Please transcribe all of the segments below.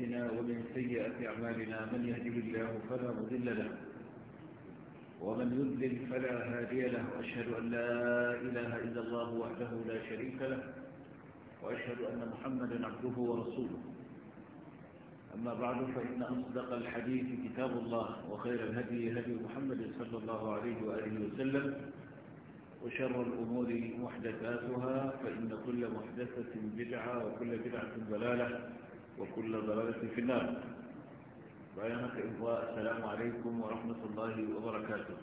أنفسنا ومن سيئة أعمالنا من يهدي الله فلا مضل له ومن يذل فلا هادي له وأشهد أن لا إله إلا الله وحده لا شريك له وأشهد أن محمدا عبده ورسوله أما بعد فإن أصدق الحديث كتاب الله وخير الهدي هدي محمد صلى الله عليه وآله وسلم وشر الأمور محدثاتها فإن كل محدثة بدعة وكل بدعة ضلالة وكل ضلالة في النار بيانك إخوة السلام عليكم ورحمة الله وبركاته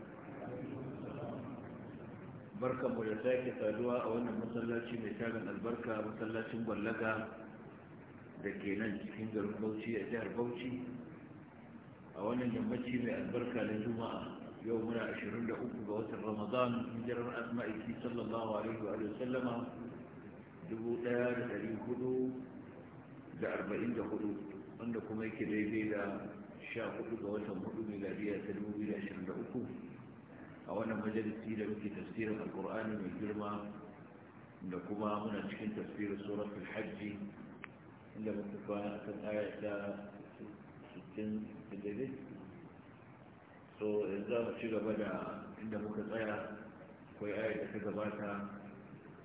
بركة مجتاك تادوا أولا مسلاتي مثالا البركة مسلاتي مبلغة دكينا جكين جرم بوشي أجهر بوشي أولا يمتشي من البركة للجمعة يومنا عشرين لأوكو بوات رمضان من جرم أسمائك صلى الله عليه وآله وسلم دبو تيار تريه da arba'in da hudu wanda kuma yake daidai da sha hudu ga watan hudu miladiya ta dubu biyu da ashirin da uku a wannan majalisi da muke tafsirin alkur'ani mai girma da kuma muna cikin tafsirin suratul hajji inda muka kwana kan aya ta sittin da so yanzu za mu ci gaba da inda muka tsaya akwai aya da ta gabata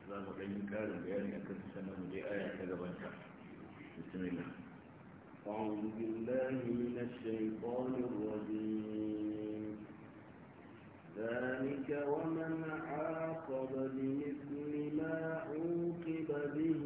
za mu ɗan yi ƙarin bayani akan sannan mu je aya ta gabata بسم الله أعوذ بالله من الشيطان الرجيم ذلك ومن عاقب بمثل ما عوقب به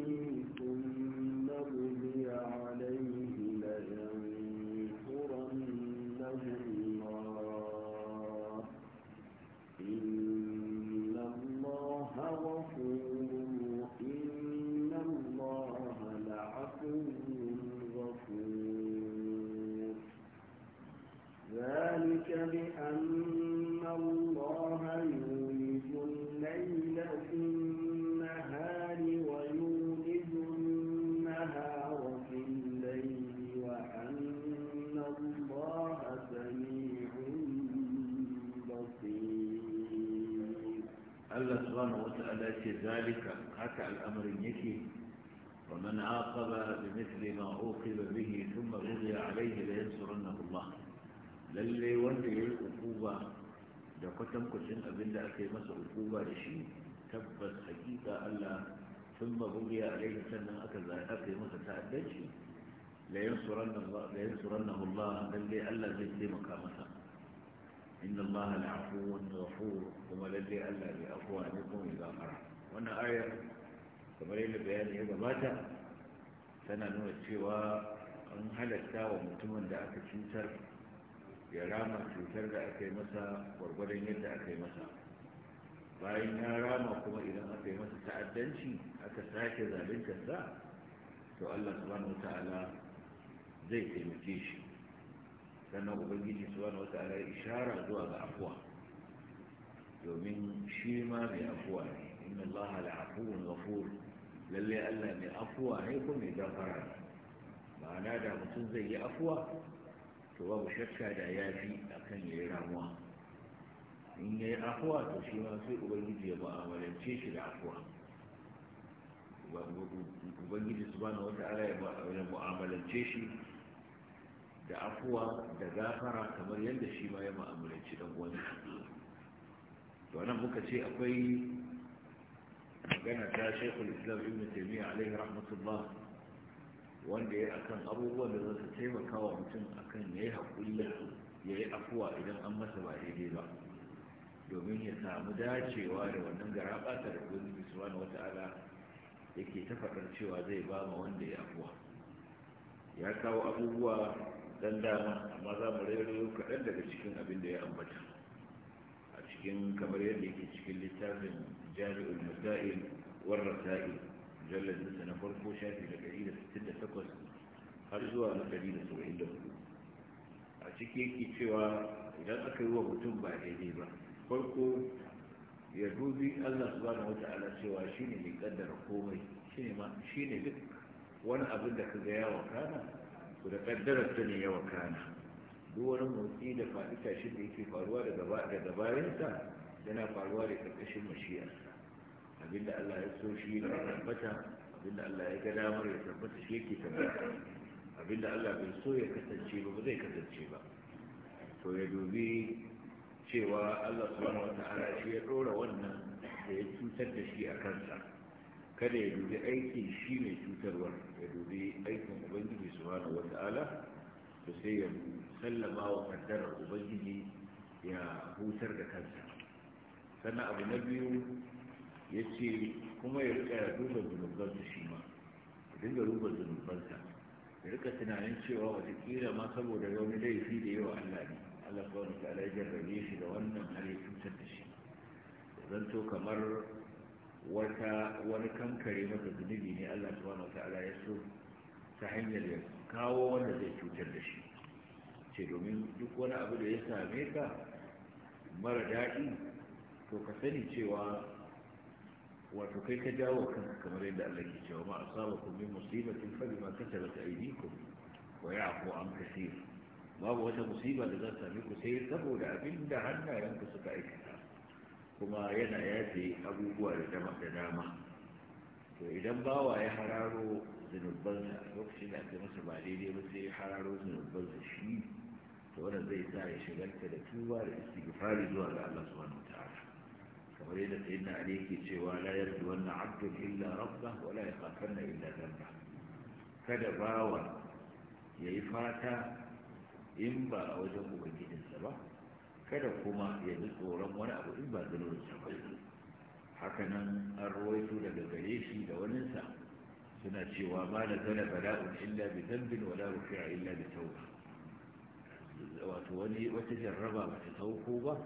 haka al'amarin yake ومن عاقب بمثل ما عوقب به ثم بغي عليه لينصرنه Allah! lalle wanda ya yi hukuma da kwatankwacin abin da aka yi masa hukuma da shi tabbas hakika Allah sun mabugi a rai sannan aka zai aka yi masa ta'addanci la yansuranna Allah lalle Allah zai taimaka masa inna Allah la'afuwun ghafur kuma lalle Allah bai afuwa ne kuma ya gafara wannan ayar kamar yadda bayani ya gabata tana nuna cewa an halatta wa mutumin da aka cutar ya rama cutar da aka yi masa gwargwadon yadda aka yi masa bayan ya rama kuma idan aka yi masa ta'addanci aka sake zaluntarsa to allah subhanahu wa ta'ala zai taimake shi sannan ubangiji subhanahu wa ta'ala ishara zuwa ga afuwa domin shi ma mai afuwa ne inna allaha la'afuwun Lallai Allah mai afuwa ne ko mai gafara ma'ana da mutum zai yi afuwa to babu shakka da ya fi akan ya yi ramuwa in ya yi afuwa to shi ma sai ubangiji ya ma'amalance shi da afuwa ubangiji su ba na wata ala ya mu'amalance shi da afuwa da gafara kamar yadda shi ma ya ma'amalance dan wani to nan muka ce akwai magana ta shekul islam ibn taimiyya alaihi rahmatullah wanda ya akan abubuwan da zasu taimaka wa mutum akan ya yi haƙuri ya yi afuwa idan an masa ba daidai ba domin ya samu dacewa da wannan garaɓata da gudun bisuwa na wata'ala yake ta faɗar cewa zai ba ma wanda ya yi afuwa ya kawo abubuwa dan dama amma za mu rairo kaɗan daga cikin abin da ya ambata a cikin kamar yadda yake cikin littafin جامع المسائل والرسائل مجلد Farko فرقو شافي لقليلة ستة تقص أرزوها لقليلة سبعين لقلو أشكي يكي شوى إذا أكلوا هتم بعد يديبا فرقو ya dubi Allah subhanahu wata'ala cewa shine mai kaddara komai shine ma duk wani abin da kaga ya wakana to da kaddarar ta ne ya wakana duk wani motsi da faɗi tashin da yake faruwa daga daga yana faruwa da karkashin mashiya. abinda Allah ya so shi ne tabbata abinda Allah ya ga damar ya tabbata shi yake tabbata abinda Allah bai so ya kasance ba ba zai kasance ba to ya dubi cewa Allah subhanahu wata'ala shi ya dora wannan da ya cutar da shi a kansa kada ya dubi aikin shi mai cutarwa. ya dubi aikin ubangiji subhanahu wata'ala to sai ya sallama wa kaddarar ubangiji ya hutar da kansa sannan abu na biyu ya ce kuma ya rika duba zunubansu shi ma ya dinga duba zunubansa ya rika tunanin cewa kira ma saboda wani laifi da yawa allah ne allah kawai ta ala jarrabe shi da wannan hali cutar da shi zanto kamar wata wani kankare masa zunubi ne allah subhanahu wa ta'ala ya so ta hanyar ya kawo wanda zai cutar da shi ce domin duk wani abu da ya same ka mara daɗi to ka sani cewa wato kai ka jawo kanka kamar yadda Allah ke cewa ma ku min musibatin fa bima kasabat aydikum wa ya'fu an kaseer babu wata musiba da za ta sami ku sai saboda abin da ku suka aikata kuma yana yafe abubuwa da dama da dama to idan bawa ya hararo zunubansa lokacin da aka masa ba daidai ba sai ya hararo zunubansa shi to wannan zai sa ya shigarta da tuba da istighfari zuwa ga Allah subhanahu wataala kamar yadda sayyidina ali yake cewa la yarju wannan abdun illa rabba wa la na illa zamba. kada bawa yayi fata in ba a wajen ubangijinsa ba kada kuma ya ji tsoron wani abu in ba zunubinsa ba hakanan an rawaito daga gare shi da waninsa suna cewa ma na zana bala'un illa bi zambin wala rufi'a illa bi tauba wato wani wata jarraba ba ta sauko ba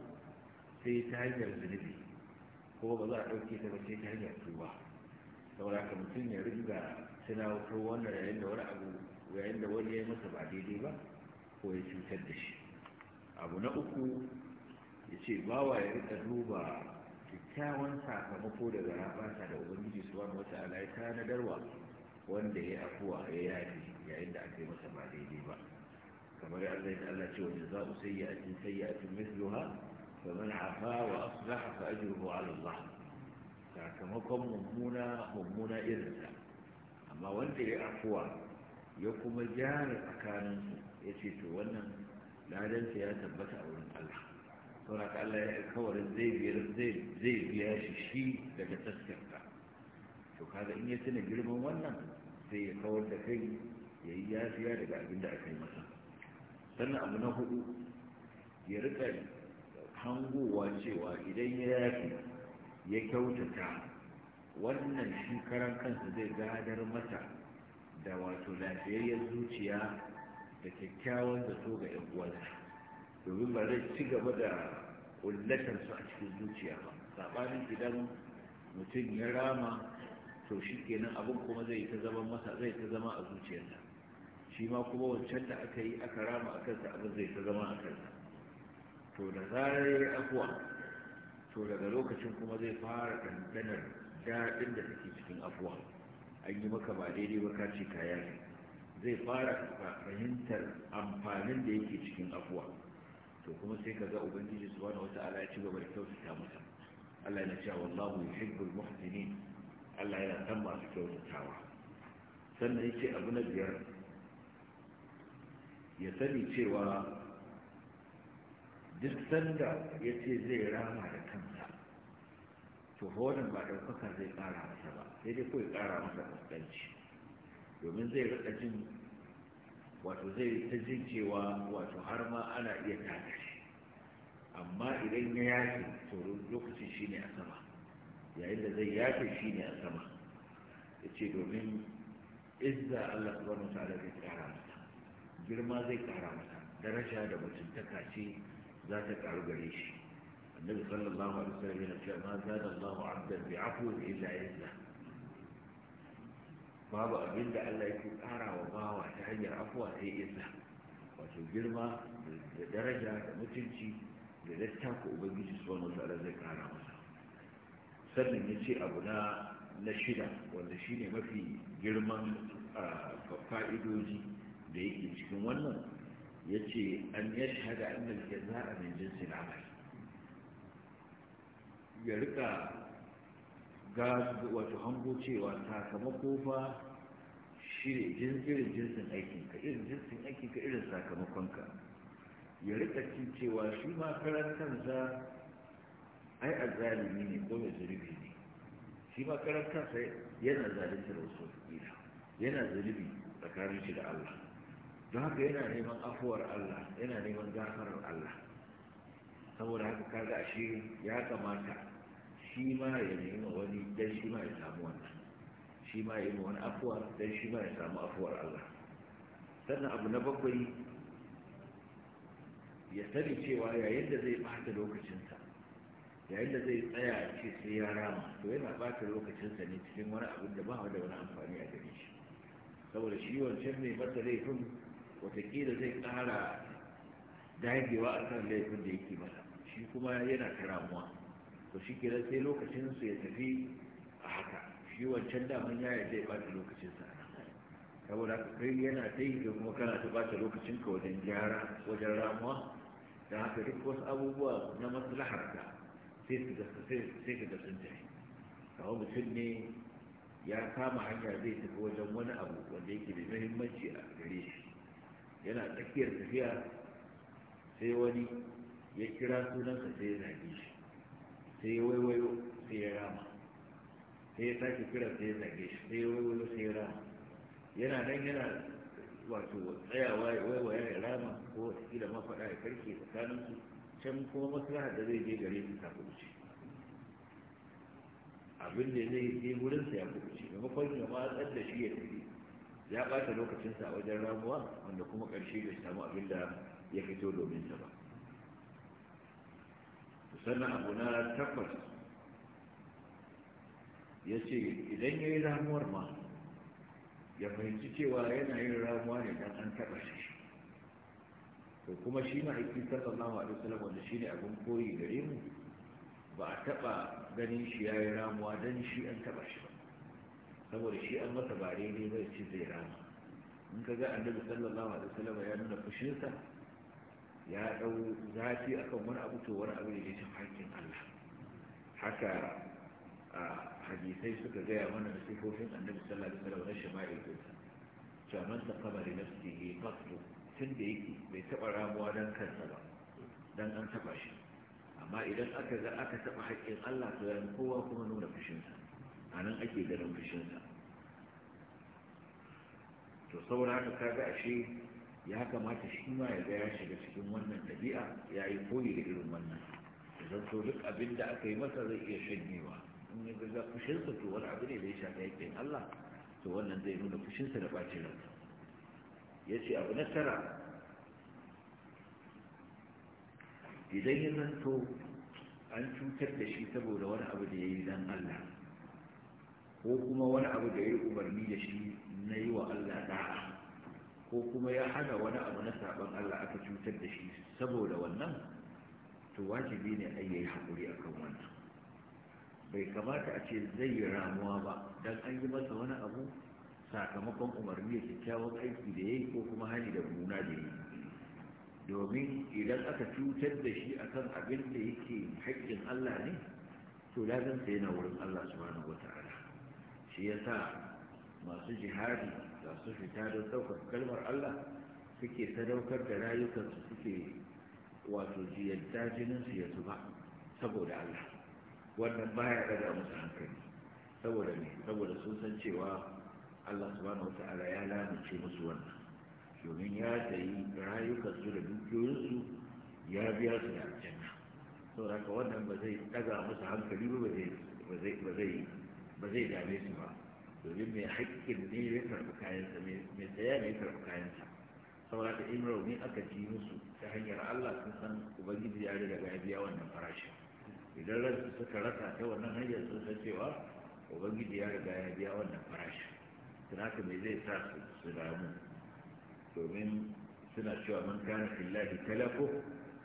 sai ta hanyar zunubi ko ba za a ɗauke ta ba sai ta hanyar tuba saboda haka mutum ya riga tunawatar wannan yayin da wani abu yayin da wani ya masa ba daidai ba ko ya cutar da shi abu na uku ya ce bawa ya rika duba kyakkyawan sakamako daga rabata da ubangiji su wani wata ala ya darwa wanda ya afuwa ya yafi yayin da aka yi masa ba daidai ba kamar yadda Allah ce wani za'u sayyi'atin sayyi'atin mithluha فمن عفا وأصلح فأجره على الله sakamakon mummuna mummuna irinsa amma wanda ya afuwa ya kuma gyara tsakaninsu ya ce to wannan ladansa ya tabbata a wurin Allah sauraka Allah ya alkawarin zai biya shi shi daga taskarta to kaga in ya tuna girman wannan sai ya kawar da kai ya yi yafiya daga abin da aka yi masa sannan abu na hudu ya rika hangowa cewa idan ya yafi ya kyautata wannan shi karan kansa zai gadar mata da wato lafiyayyar zuciya da kyakkyawan zato ga yan uwansa domin ba zai ci gaba da kullatar a cikin zuciya ba sabanin idan mutum ya rama to shi kenan abin kuma zai ta zama masa zai ta zama a zuciyarsa shi ma kuma wancan da aka yi aka rama a kansa abin zai ta zama a kansa to da zarar ya afuwa to daga lokacin kuma zai fara kandanar daɗin da take cikin afuwa an yi maka ba daidai ba ka ce kaya zai fara fahimtar amfanin da yake cikin afuwa to kuma sai ka ga ubangiji subhanahu wata'ala ya ci gaba da kyautata masa Allah yana cewa wallahu yuhibbul muhsinin Allah yana san masu kyautatawa sannan yace abu na biyar ya sani cewa duk sanda ya ce zai rama da kansa to horon ba ɗaukaka zai ƙara masa ba sai dai kawai ƙara masa ƙasƙanci domin zai rika jin wato zai ta ji cewa wato har ma ana iya tada shi amma idan ya yafe to lokaci shi ne a sama yayin da zai yafe shi ne a sama ya ce domin izza allah subhanahu wa ta'ala zai ƙara masa girma zai ƙara masa daraja da mutuntaka ce za ta karu gare shi annabi sallallahu alaihi wasallam yana cewa ma zada Allahu abdan bi da illa izza babu abin da Allah yake kara wa bawa ta hanyar afuwa sai yadda. wato girma da daraja da mutunci da dattako ubangiji subhanahu wa ta'ala zai kara masa sannan ya ce abu na na shida wanda shine mafi girman fa'idoji da yake cikin wannan yace an yashhada anna al-jazaa'a min jinsi al-amal ya rika ga wato hango cewa sakamako fa shi ne irin jinsin aikin ka irin jinsin aikin irin sakamakonka ya rika cin cewa shi ma karan kansa ai azzalimi ne ko mai ne shi ma yana zalunta da wasu yana zunubi tsakanin shi da Allah don haka yana neman afuwar Allah yana neman gafarar Allah saboda haka kaga ashe ya kamata shi ma ya nemi wani dan shi ma ya samu wannan shi ma ya yi wani afuwa dan shi ma ya samu afuwar Allah sannan abu na bakwai ya sani cewa yayin da zai bata lokacinsa yayin da zai tsaya ce sai ya rama to yana bata lokacinsa ne cikin wani abin da ba da wani amfani a gare shi saboda shi wancan mai masa laifin watakila zai ƙara dagewa a kan laifin da yake masa shi kuma yana ta ramuwa to shi kenan sai lokacinsu ya tafi a haka shi wancan daman ya yi zai ɓata lokacinsa a saboda haka kai yana ta yi da kuma kana ta bata lokacinka wajen gyara wajen ramuwa Da haka duk wasu abubuwa na maslaharka sai su da sun tafi kawo mutum ne ya kama hanya zai tafi wajen wani abu wanda yake da muhimmanci a gare shi yana tsakiyar tafiya sai wani ya kira sunansa sai ya zage shi sai ya waiwayo sai ya rama sai ya sake kira sai ya zage shi sai ya waiwayo sai ya rama yana nan yana wato tsayawa ya waiwaya ya rama ko wata kila mafaɗa ya karke tsakaninsu can kuma maslaha da zai je gare su ta kuɓuce abin da zai je wurinsa ya kuɓuce maimakon ya tsar da shi ya tafi ya ɓata lokacinsa a wajen ramuwa wanda kuma ƙarshe bai samu abin da ya fito domin sa ba sannan abu na takwas ya ce idan ya yi ramuwar ma ya fahimci cewa yana yin ramuwa ne don an taɓa shi to kuma shi ma'aikin sallallahu a wasallam wanda shi ne abin koyi gare mu ba a taɓa ganin shi ya yi ramuwa don shi an taɓa shi ba saboda shi an masa ba daidai zai ci zai rana in ka ga annabi sallallahu alaihi wasallam ya nuna fushinsa ya dau zafi akan wani abu to wani abu ne ya shafi hakkin Allah haka a hadisai suka gaya mana da sifofin annabi sallallahu alaihi wasallam na shama'il dinsa cewa man taqaba li nafsihi qatlu tun da yake bai taba ramuwa dan kansa ba dan an taba shi amma idan aka ga aka taba haƙƙin Allah to yan kowa kuma nuna fushinsa a nan ake ganin fushinsa to saboda haka kaga ashe ya kamata shi ma ya ga ya shiga cikin wannan ɗabi'a ya yi koyi da irin wannan zan so duk abin da aka yi masa zai iya shanyewa in ya ga fushinsa to wani abu ne da ya shafi yakin Allah to wannan zai nuna fushinsa da ɓacin ransa ya ce abu na tara idan ya zanto an cutar da shi saboda wani abu da ya yi dan Allah ko kuma wani abu da ya umarni da shi na yi wa Allah da'a ko kuma ya hana wani abu na saban Allah aka cutar da shi saboda wannan to wajibi ne a yi haƙuri a wannan bai kamata a ce zai yi ramuwa ba don an yi masa wani abu sakamakon umarni da kyakkyawan aiki da ya yi ko kuma hani da muna da yi domin idan aka cutar da shi akan abin da yake haƙƙin Allah ne to lazanta yana wurin Allah subhanahu wataala ta'ala shi ya sa masu jihadi zasu fita don ɗaukar kalmar Allah suke sadaukar da rayukansu suke wato jiyanta jininsu ya zuba saboda Allah wannan baya ɗaga musu hankali saboda ne saboda sun san cewa Allah subhanahu wa ta'ala ya lalace musu wannan domin ya sayi rayukansu da dukiyoyinsu ya biya su da aljanna saboda haka wannan ba zai ɗaga musu hankali ba zai ba zai dame su ba domin mai haƙƙin ne ya karɓi kayansa mai saya ne ya karɓi kayansa saboda ta imrau ne aka ji musu ta hanyar allah sun san ubangiji ya riga ya biya wannan farashin idan ransu suka rasa ta wannan hanyar sun san cewa ubangiji ya riga ya biya wannan farashin tunaka mai zai sa su damu domin suna cewa man kana fillahi talako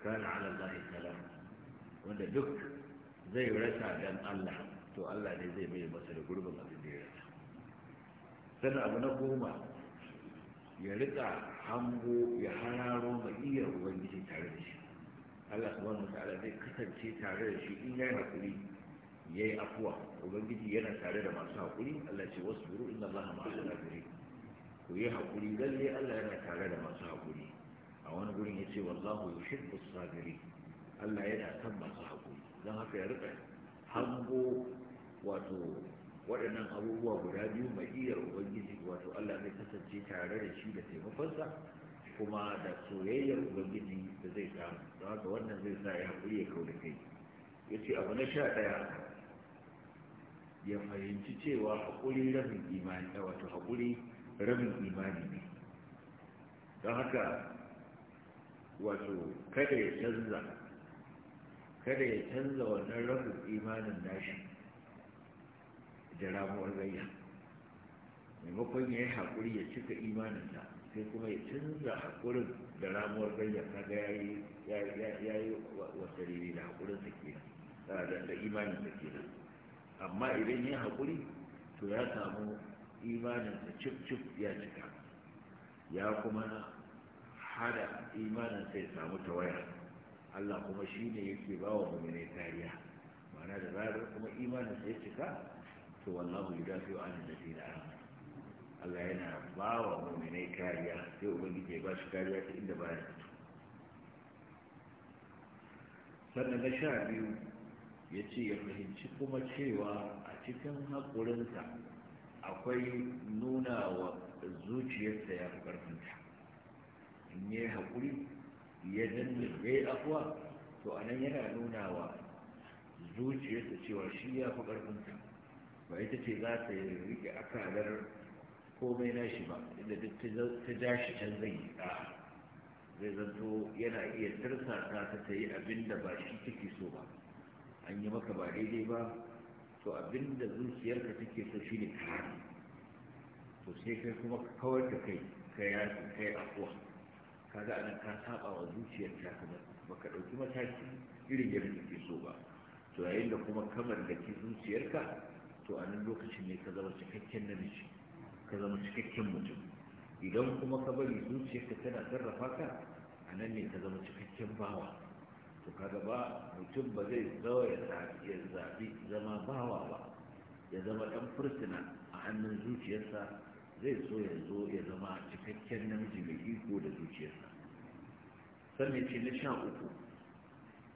kana ala allahi talako wanda duk zai rasa dan allah to Allah ne zai mai masa da gurbin abin da ya rasa sannan abu na goma ya rika hango ya hararo ma iya ubangiji tare da shi Allah subhanahu wataala zai kasance tare da shi in yayi hakuri yayi afuwa ubangiji yana tare da masu hakuri Allah ce wasbiru inna Allaha masu sabirin ku yi hakuri lalle Allah yana tare da masu hakuri a wani gurin yace wallahu yuhibbu su sabirin Allah yana san masu hakuri don haka ya rika hango wato waɗannan abubuwa guda biyu mai iyar ubangiji wato allah zai kasance tare da shi da taimakonsa kuma da soyayyar ubangiji da zai samu don haka wannan zai sa ya kuri ya kau da kai ya ce abu na sha ɗaya ya fahimci cewa haƙuri rabin imani eh, wato haƙuri rabin imani ne don haka wato kada ya canza kada ya canza wannan rabin imanin nashi da ramuwar gayya maimakon ya yi haƙuri ya cika imaninsa sai kuma ya canza haƙurin da ramuwar gayya ga ya yi wata rere da haƙurinsa kenan da imaninsa kenan amma idan ya haƙuri to ya samu imaninsa cif-cif ya cika ya kuma hada imaninsa ya samu ta waya. Allah kuma shi ne yake ba wa mummune kariya mana da zarar kuma imaninsa ya cika to wallahu yudafi'u anil ladina Allah yana ba wa mu'minai kariya sai ubangiji ya ba shi kariya ta inda ba ya fito sannan na sha biyu ya ce ya fahimci kuma cewa a cikin haƙurinsa akwai nuna wa zuciyarsa ya fi ƙarfinta in yi haƙuri ya danne ya yi afuwa to anan yana nuna wa zuciyarsa cewa shi ya fi ƙarfinta ba ita ce za ta rike akalar komai na shi ba inda duk ta ja shi can zai yi a zai zanto yana iya tarsa ta ta yi abin da ba shi take so ba an yi maka ba daidai ba to abin da zuciyarka take so shi ne kare to sai kai kuma kawar da kai ka yi kai afuwa kaga anan ka saba wa zuciyarka kamar baka ɗauki mataki irin yadda take so ba to yayin da kuma kamar da ke zuciyarka to a nan lokacin ne ka zama cikakken namiji ka zama cikakken mutum idan kuma ka bari zuciyarka tana sarrafa ka a nan ne ka zama cikakken bawa to ka ba mutum ba zai zawa ya zaɓi zama bawa ba ya zama ɗan fursuna a hannun zuciyarsa zai so ya zo ya zama cikakken namiji mai iko da zuciyarsa sannan ce na sha uku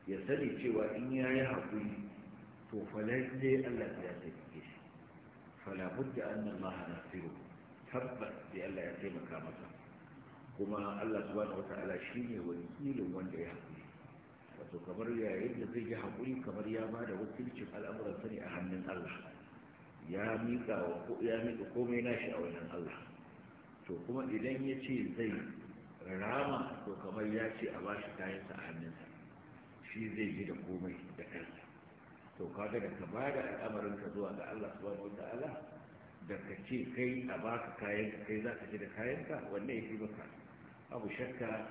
ya sani cewa in ya yi haƙuri to falalle allah ya sani فلا بد ان الله يغفره تبت بان لا يعتمك مثلا كما الله سبحانه وتعالى شيني وليل وانت يهدي wato kamar yayin da zai yi hakuri kamar ya ba da wakilcin al'amuran sani a hannun Allah ya miƙa wa ko komai nashi a wannan Allah to kuma idan ya ce zai rama to kamar ya ce a bashi kayansa a hannunsa shi zai ji da komai da kansa to kaga da ka ba da al'amarin ka zuwa ga Allah subhanahu wata'ala da ka ce kai a baka kayan ka kai za ka ji da kayan ka wanne ya fi maka abu shakka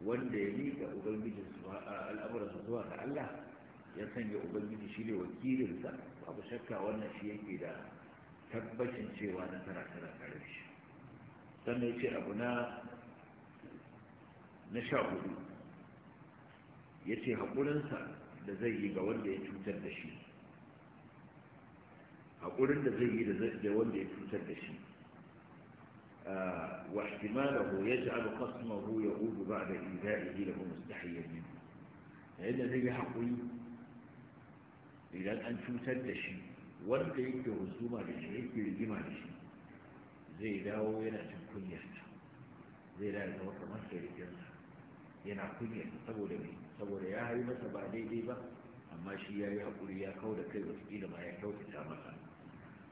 wanda ya miƙa ubangijin al'amuransa zuwa ga Allah ya sanya ubangiji shine wakilin sa abu shakka wannan shi yake da tabbacin cewa nasara tana tare shi sannan ya ce abu na na sha hudu ya ce haƙurinsa da zai yi ga wanda ya cutar da shi haƙurin da zai yi da wanda ya cutar da shi ah, wa ihtimalahu yaj'alu qasmahu yahudu ba'da ida'ihi lahu mustahiyyan minhu yayin da zai yi haƙuri idan an cutar da shi wanda yake husuma da shi yake rigima da shi zai dawo yana cin kunyarsa zai dawo kamar sarkinsa yana kunyarsa saboda mai saboda ya yi masa ba daidai ba amma shi ya yi haƙuri ya kau da kai wasu ma ya kyautata masa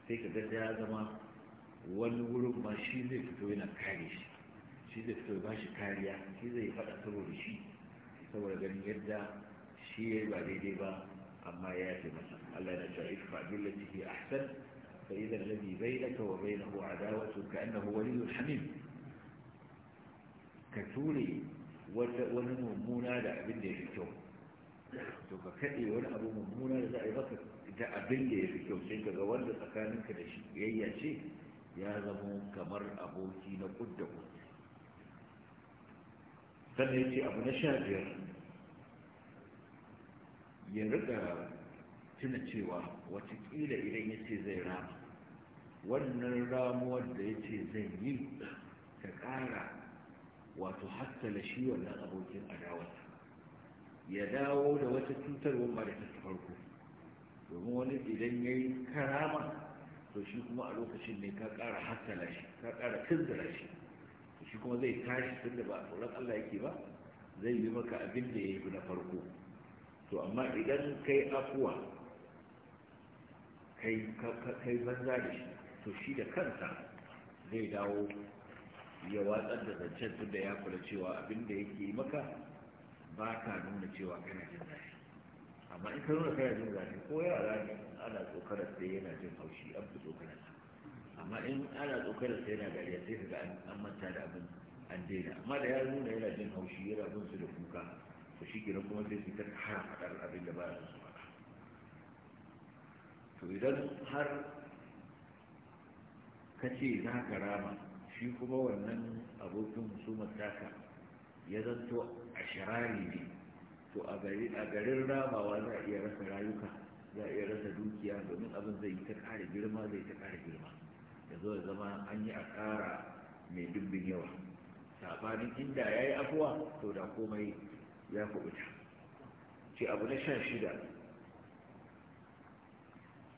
sai ka ya zama wani wurin ma shi zai fito yana kare shi shi zai fito ba shi kariya shi zai faɗa saboda shi saboda ganin yadda shi ya yi ba daidai ba amma ya yafe masa Allah yana cewa ifa billati hi ahsan sai idan ladhi bainaka wa bainahu adawatu ka annahu waliyyun hamim ka ture wani mummuna da abin da ya fi kyau to ka kaɗe wani abu mummuna da za a yi baka da abin da ya fi kyau sai wanda tsakaninka da shi yayyace ya zama kamar aboki na kudda kudda sannan ya abu na sha biyar ya riƙa tuna cewa watakila idan ya ce zai rama wannan ramuwar da ya ce zai yi ta ƙara wato hassala shi wannan abokin adawarsa ya dawo da wata cutarwar ba da ta farko domin wani idan ya yi karama to shi kuma a lokacin ne ka ƙara hassala shi ka ƙara da shi to shi kuma zai tashi tun da ba a tsoron Allah yake ba zai yi maka abin da ya yi na farko to amma idan kai afuwa kai banza da shi to shi da kansa zai dawo ya watsar da zancen tun da ya kula cewa abin da yake yi maka ba ka nuna cewa kana jin zafi amma in ka nuna kana jin zafi ko yara ne ana tsokarar sai yana jin haushi an fi tsokarar amma in ana tsokarar sai yana dariya sai kaga an manta da abin an daina amma da ya nuna yana jin haushi yana bin su da kuka to shi kenan kuma sai su ta kara faɗar abin da ba su faɗa to idan har ka ce za ka rama shi kuma wannan abokin musumar taka ya zato a shirari ne to a garin ramawa za a iya rasa rayuka za a iya rasa dukiya domin abin zai yi ta ƙara girma zai ta ƙara girma ya zo da zama an yi a ƙara mai dubbin yawa sabanin inda ya yi afuwa to da komai ya kubuta ce abu na shan shida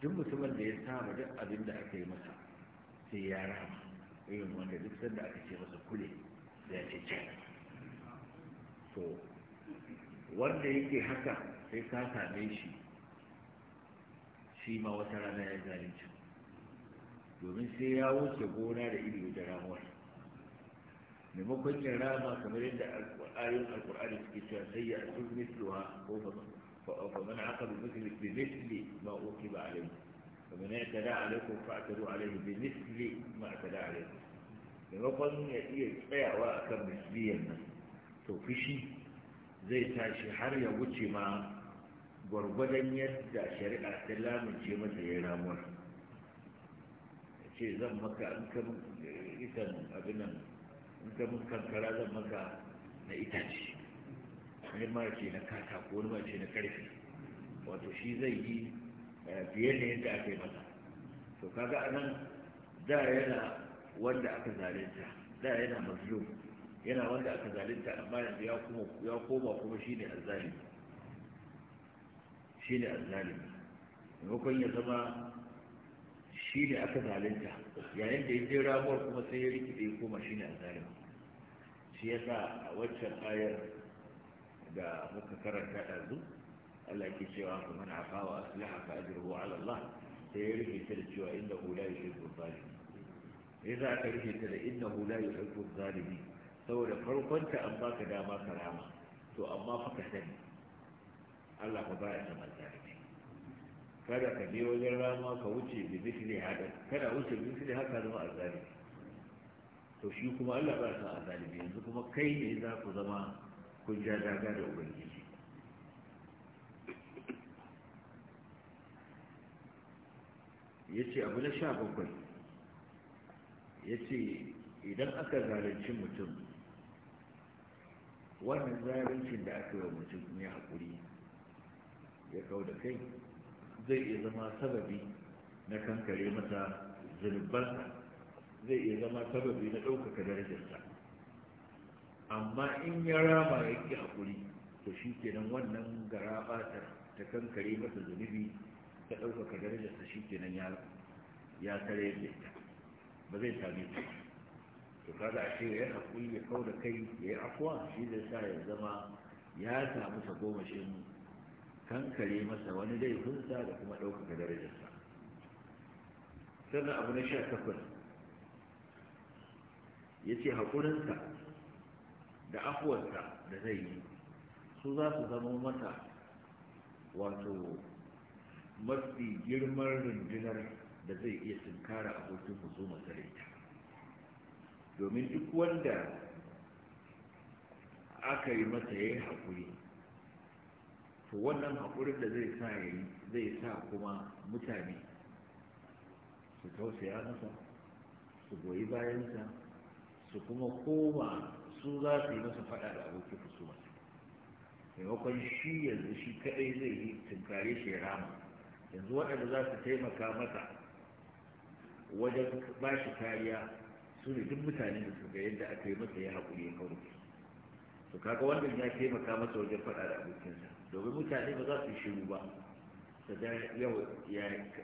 duk mutumin da ya saba duk abin da aka yi masa sai ya rama irin wanda duk sanda aka ce masa kule ya ce to wanda yake haka sai ka same shi shi ma wata rana ya zalunci domin sai ya wuce gona da iri da ramuwar maimakon yin rama kamar yadda ayoyin alkur'ani suke cewa sai ya asu misluwa ko ba man ba bi ba ba ba ba. فمن اعتدى عليكم فاعتدوا عليه بمثل ما اعتدى عليكم maimakon ya iya tsayawa a kan misliyan nan to fushi zai tashi har ya wuce ma gwargwadon yadda shari'a ta lamince masa ya ramuwar ce zan maka an ka itan abinan in ka mun kankara zan maka na itace wani ma ce na katako wani ma ce na karfe wato shi zai yi fiye da yadda aka yi mata to kaga anan da yana wanda aka zalunta da yana mazlum yana wanda aka zalunta amma yanzu ya koma kuma shine azzalimi shine azzalimi maimakon ya zama shi ne aka zalunta yayin da ya je ramuwar kuma sai ya rikide ya koma shi ne shi yasa a waccan ayar da muka karanta ɗazu Allah yake cewa fa man afa wa aslaha fa ajruhu ala Allah sai ya rufe ta da cewa inda innahu la yuhibbu zalimin me yasa aka rufe ta da innahu la yuhibbu zalimin saboda farkon ta an baka dama karama to amma fa ka sani Allah fa baya san zalimi kada ka je wajen rama ka wuce bi misli hada kada wuce da misli haka zama azzalimi to shi kuma Allah ba sa azzalimi yanzu kuma kai ne za ku zama kun ja daga da ubangiji ya ce abu na sha bakwai ya ce idan aka zalunci mutum wannan zaluncin da aka yi wa mutum ya haƙuri ya kau da kai zai iya zama sababi na kankare masa zunubansa zai iya zama sababi na ɗaukaka darajarsa amma in ya rama ya ƙi haƙuri to shi kenan wannan garaɓatar ta kankare masa zunubi ta ɗaukaka darajarsa shi kenan ya ya tare yake ba zai tabi ta to kaga a ce ya haƙuri ya kau da kai ya yi afuwa shi zai sa ya zama ya samu goma shi kankare masa wani dai hunsa da kuma ɗaukaka darajarsa sannan abu na sha takwas ya ce haƙurinsa da afuwarsa da zai yi su za su zama mata wato mafi girman rundunar da zai iya tunkara abokin husuma sarauta domin duk wanda aka yi masa ya yi haƙuri to wannan haƙurin da zai sa ya yi zai sa kuma mutane su tausaya masa su goyi bayansa su kuma koma su za su yi masa faɗa da abokin husuma maimakon shi yanzu shi kaɗai zai yi tunkare shi rama yanzu waɗanda za su taimaka masa wajen ba shi kariya su ne duk mutane da suka yadda aka yi masa ya haƙuri ya kawo to kaga wannan ya taimaka masa wajen faɗa da abokinsa domin mutane ba za su shiru ba da da yau ya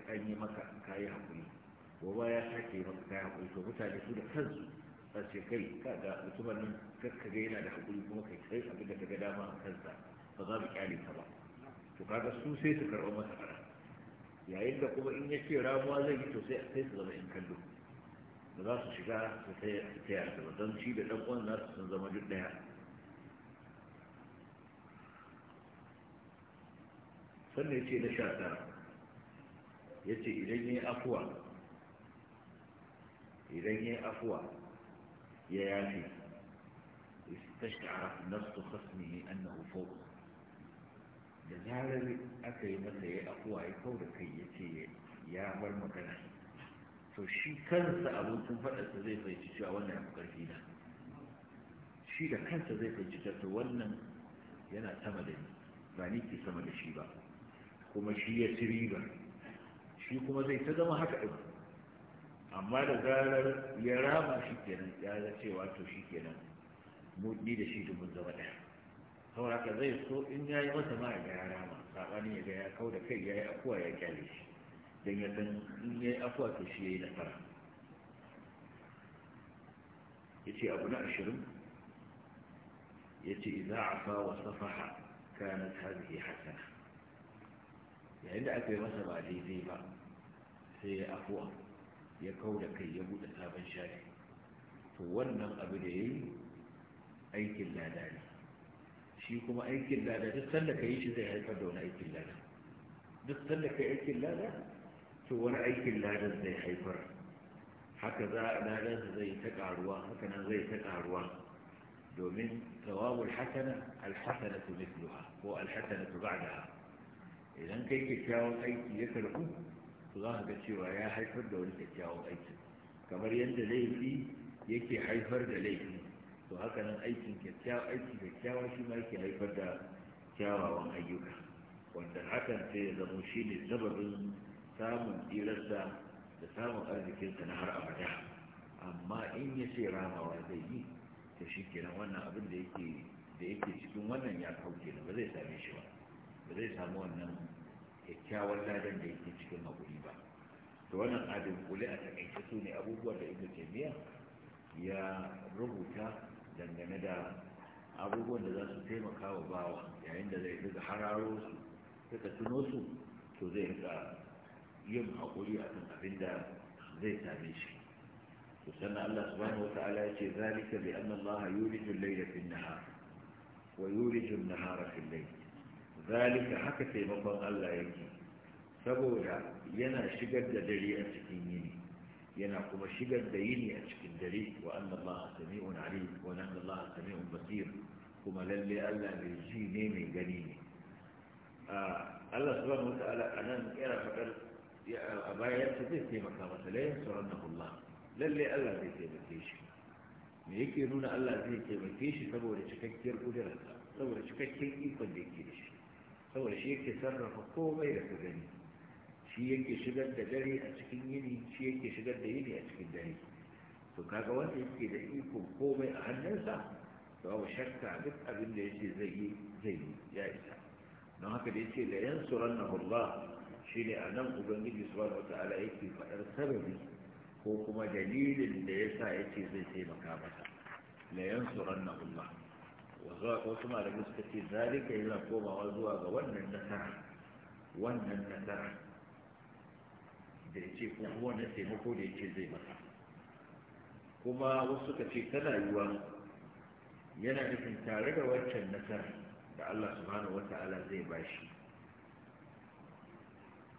an yi maka kayi haƙuri gobe ya sake maka kayi haƙuri to mutane su da kansu a su kai kaga mutumin nan kakkaga yana da haƙuri kuma kai kai abin da ga dama a kansa ba za mu kyale ka ba to kaga su sai su karɓi masa fara yayin da kuma in ya ce ramuwa zai yi to sai su zama in kallo da za su shiga su ta yarda ba don shi da ɗan ƙwan za su sun zama duk ɗaya sannan ya ce na sha tara ya ce idan ya yi afuwa idan ya yi afuwa ya yafi استشعر نفس خصمه أنه فوق da zarar aka yi masa ya afuwa ya kawo da kai ya ce ya bar magana to shi kansa abokin faɗarsa zai fahimci cewa wannan abu ƙarfi na shi da kansa zai fahimci cewa wannan yana sama da ni ba ni ke sama da shi ba kuma shi ya ci riba shi kuma zai ta zama haka ɗin amma da zarar ya rama shi kenan ya ga to shi kenan mu da shi dubun zama ɗaya saboda zai so in ya yi masa ma ya rama saɓani ya ga ya kau da kai ya yi afuwa ya kyale shi don ya san in ya yi afuwa to shi ya yi nasara ya ce abu na ashirin ya ce idan afa wa safaha kanat hadhihi hasana yayin da aka yi masa ba daidai ba sai ya afuwa ya kau da kai ya buɗe sabon shafi to wannan abu da ya yi aikin lada ne shi kuma aikin lada duk sanda ka yi shi zai haifar da wani aikin lada duk sanda ka yi aikin lada to wani aikin lada zai haifar haka za a ladansa zai ta karuwa haka nan zai ta karuwa domin tawabul hasana alhasanatu mithluha ko alhasanatu ba'daha idan kai kyakkyawan aiki ya karbu to za ka ga cewa ya haifar da wani kyakkyawan aiki kamar yadda laifi yake haifar da laifi to haka nan aikin kyakkyawa aiki shi ma yake haifar da kyawawan ayyuka wanda hakan sai ya zamo shi ne sababin samun tsirarsa da samun arzikinsa na har abada amma in ya ce ramawa zai yi to shi kenan wannan abin da yake da yake cikin wannan ya kau kenan ba zai same shi ba ba zai samu wannan kyakkyawan ladan da yake cikin haƙuri ba to wannan adin kule a takaice su ne abubuwan da ibnu taymiya ya rubuta dangane da abubuwan da za su taimaka wa bawa yayin da zai daga hararo su suka tuno su to zai riga yin haƙuri a kan abin da zai same shi to sannan Allah subhanahu wa ta'ala ya ce zalika bi anna Allah yuliju al-layla fi an-nahar wa yuliju an-nahara fi al-layl zalika haka taimakon Allah yake saboda yana shigar da dare a cikin yini yana kuma shigar da yini a cikin dare wa anna Allah sami'un alim wa nahnu Allah sami'un basir kuma lalle Allah mai ji ne mai gani ne Allah subhanahu wa ta'ala anan yana fadar a bayan ta zai taimaka masa la yansurannahu Allah lalle Allah zai taimake shi me yake nuna Allah zai taimake shi saboda cikakkiyar kudurarsa saboda cikakken ikon da yake da shi saboda shi yake sarrafa komai da ka gani shi yake shigar da dare a cikin yini shi yake shigar da yini a cikin dare to kaga wanda yake da iko komai a hannunsa to babu shakka duk abin da yace zai yi zai yi ya isa don haka da yace la yansurannahu Allah shine anan ubangiji subhanahu wataala yake faɗar sababi ko kuma dalilin da yasa ce zai taimaka masa la yansurannahu Allah wasu malamai suka ce zalika yana komawa zuwa ga wannan nasara wannan nasara da ya ce kuma wannan taimako da ya ce zai maka kuma wasu suka ce tana yiwuwa yana nufin tare da waccan nasara da Allah subhanahu wata'ala zai ba shi,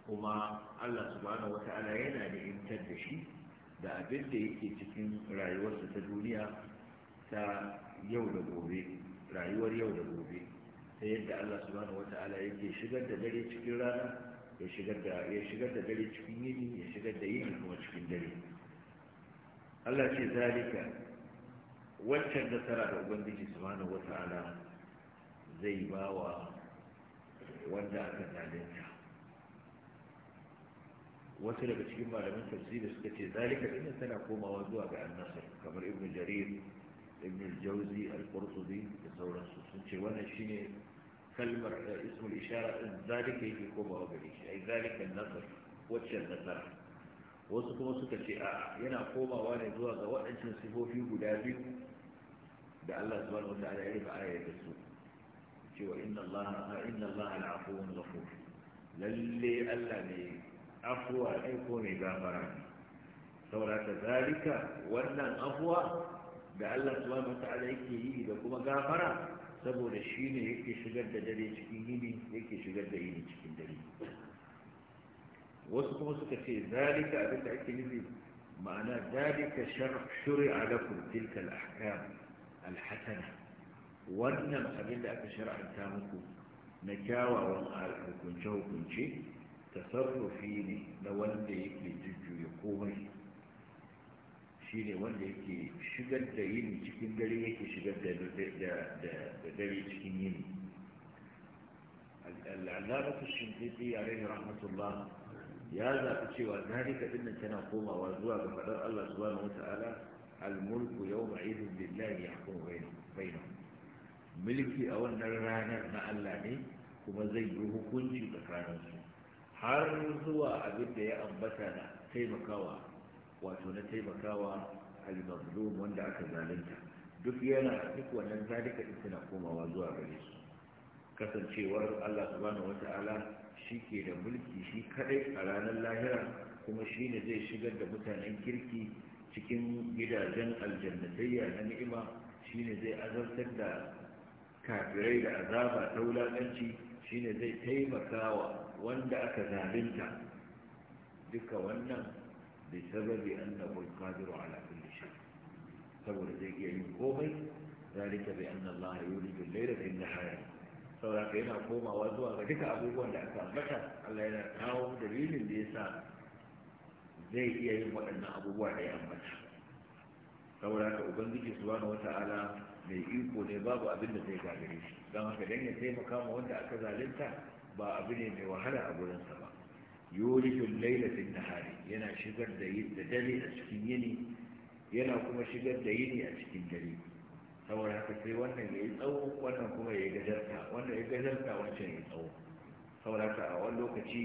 kuma Allah subhanahu wata'ala yana da imtar da shi da abin da yake cikin rayuwarsa ta duniya ta yau da gobe rayuwar yau da gobe ta yadda Allah subhanahu wata'ala yake shigar da dare cikin rana ya shigar da dare cikin yini ya shigar da yini kuma cikin dare Allah ce zalika wancan nasara da ubangiji subhanahu ala zai ba wa wanda aka zalunta wasu daga cikin malaman tafsiri suka ce zalika din tana komawa zuwa ga annasar kamar ibn jarir ibn jauzi al-qurtubi da sauransu sun ce wannan shine kalmar eh, ismul ishara din zalika yake komawa gare shi ai zalika nasar waccan nasara wasu kuma suka ce a yana komawa ne zuwa ga waɗancan sifofi guda biyu da Allah subhanahu wa ta'ala ya rufe ayar da su cewa inna Allah inna Allah al-afuwun ghafur lalle Allah ne afuwa ne ko ne gafara ne saboda zalika wannan afuwa da Allah subhanahu wa ta'ala yake yi da kuma gafara saboda shi ne yake shigar da dare cikin yini yake shigar da yini cikin dare wasu kuma suka ce zalika abin da ake nufi ma'ana zalika shari'a lakum tilka al wannan abin da aka shar'anta muku na kyawawan hukunce-hukunce tasarrufi ne na wanda yake jujjuya komai Shine ne wanda yake shigar da yin cikin dare yake shigar da dare cikin yini al'adatu a rai rahmatullah ya zaɓi cewa zalika dinnan tana komawa zuwa ga faɗar Allah subhanahu wa ta'ala al-mulku yawma idhin lillahi yahkumu bainahum mulki a wannan ranar na Allah ne kuma zai yi hukunci tsakaninsu har zuwa abin da ya ambata na taimakawa wato na taimakawa al-mazlum wanda aka zalunta duk yana duk wannan zalika din suna komawa zuwa gare su kasancewar Allah subhanahu wata'ala ke da mulki shi kadai a ranar lahira kuma shine zai shigar da mutanen kirki cikin gidajen aljannatayya na ni'ima shine zai azartar da kafirai da azaba ta wulaƙanci shine zai taimakawa wanda aka zalunta duka wannan da sababi annahu alqadiru ala kulli saboda zai iya yin komai zalika bi anna allaha yulidu al-layla fi an-nahar saboda yana komawa zuwa ga duka abubuwan da aka ambata Allah yana kawo dalilin da yasa zai iya yin waɗannan abubuwa da ya ambata saboda ka ubangiji subhanahu wata'ala mai iko ne babu abin da zai gagare shi don haka dan ya taimaka ma wanda aka zalunta ba abu ne mai wahala a gurinsa ba yuridu al-layla fi nahari yana shigar da da dare a cikin yini yana kuma shigar da yini a cikin dare saboda haka sai wannan ya yi tsawo wannan kuma ya yi gajarta wannan yayi gajarta wancan yayi tsawo saboda haka a wani lokaci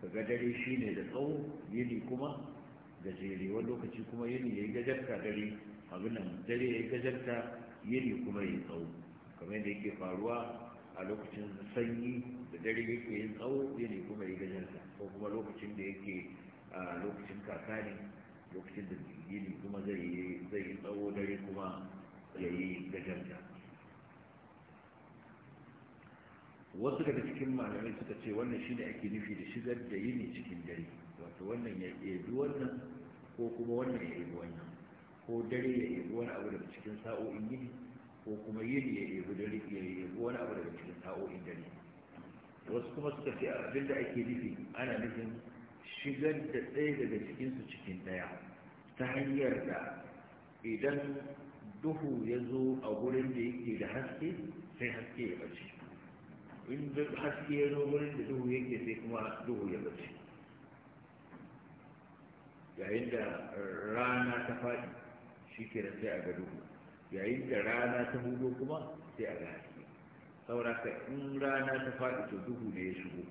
kaga dare shi ne da tsawo yini kuma gajere wani lokaci kuma yini ya yi gajarta dare abin nan dare ya yi gajarta yini kuma ya yi tsawo kamar yadda yake faruwa a lokacin sanyi da dare yake yin tsawo ne kuma yi gajarsa ko kuma lokacin da yake a lokacin kaka ne lokacin da ne kuma zai yi tsawo dare kuma ya yi gajarsa wasu daga cikin malamai suka ce wannan shi ne ake nufi da shigar da ne cikin dare wato wannan ya ebi wannan ko kuma wannan ya ebi wannan ko dare ya ebi wani abu daga cikin sa'o'in yini ko kuma yini ya yabi dare ya yabi wani abu daga cikin sa'o'in dare wasu kuma suka ce abin da ake nufi ana nufin shigar da ɗaya daga cikinsu cikin ɗaya ta hanyar da idan duhu ya zo a gurin da yake da haske sai haske ya bace in haske ya zo gurin da duhu yake sai kuma duhu ya bace yayin da rana ta faɗi shi ke sai a ga duhu yayin da rana ta hudo kuma sai a gane Saura ka in rana ta faɗi to duhu ne ya shigo